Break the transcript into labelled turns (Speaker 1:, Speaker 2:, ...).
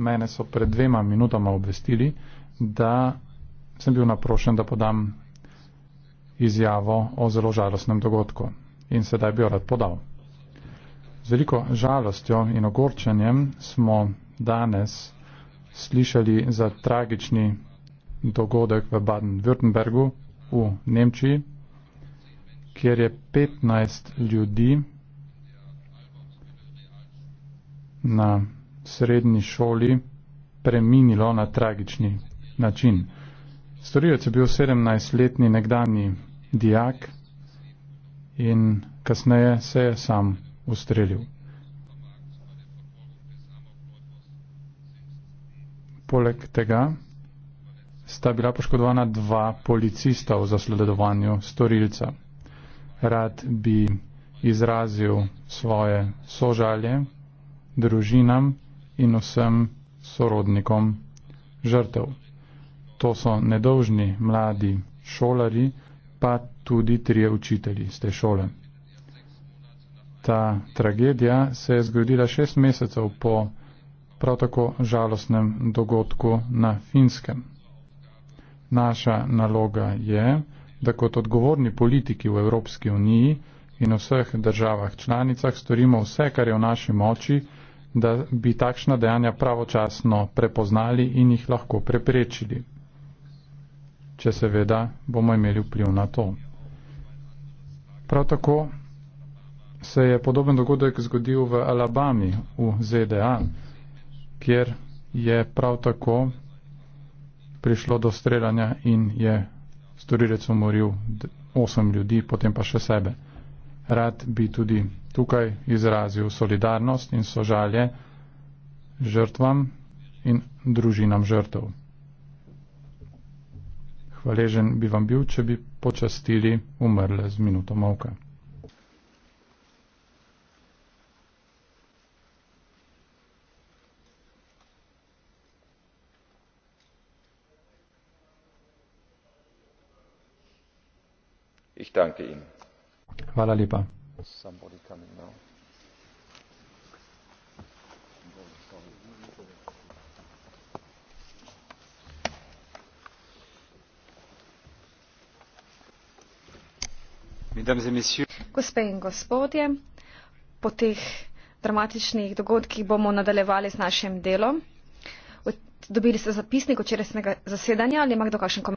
Speaker 1: mene so pred dvema minutama obvestili, da sem bil naprošen, da podam izjavo o zelo žalostnem dogodku in sedaj bi jo rad podal. Z veliko žalostjo in ogorčenjem smo danes slišali za tragični dogodek v Baden-Württembergu v Nemčiji, kjer je 15 ljudi na srednji šoli preminilo na tragični način. Storilec je bil 17-letni nekdani dijak in kasneje se je sam ustrelil. Poleg tega sta bila poškodovana dva policista v zasledovanju storilca. Rad bi izrazil svoje sožalje družinam, in vsem sorodnikom žrtev. To so nedolžni mladi šolari, pa tudi trije učitelji z te šole. Ta tragedija se je zgodila šest mesecev po prav tako žalostnem dogodku na Finskem. Naša naloga je, da kot odgovorni politiki v Evropski uniji in v vseh državah članicah storimo vse, kar je v naši moči, da bi takšna dejanja pravočasno prepoznali in jih lahko preprečili. Če seveda bomo imeli vpliv na to. Prav tako se je podoben dogodek zgodil v Alabami v ZDA, kjer je prav tako prišlo do streljanja in je storilec umoril osem ljudi, potem pa še sebe. Rad bi tudi tukaj izrazil solidarnost in sožalje žrtvam in družinam žrtev. Hvaležen bi vam bil, če bi počastili umrle z minuto molka. Ich danke Ihnen. Hvala lepa. Gospe in gospodje, po teh dramatičnih dogodkih bomo nadaljevali s našim delom. Dobili ste zapisnik včerajšnjega zasedanja ali ima kdo kakšen komentar?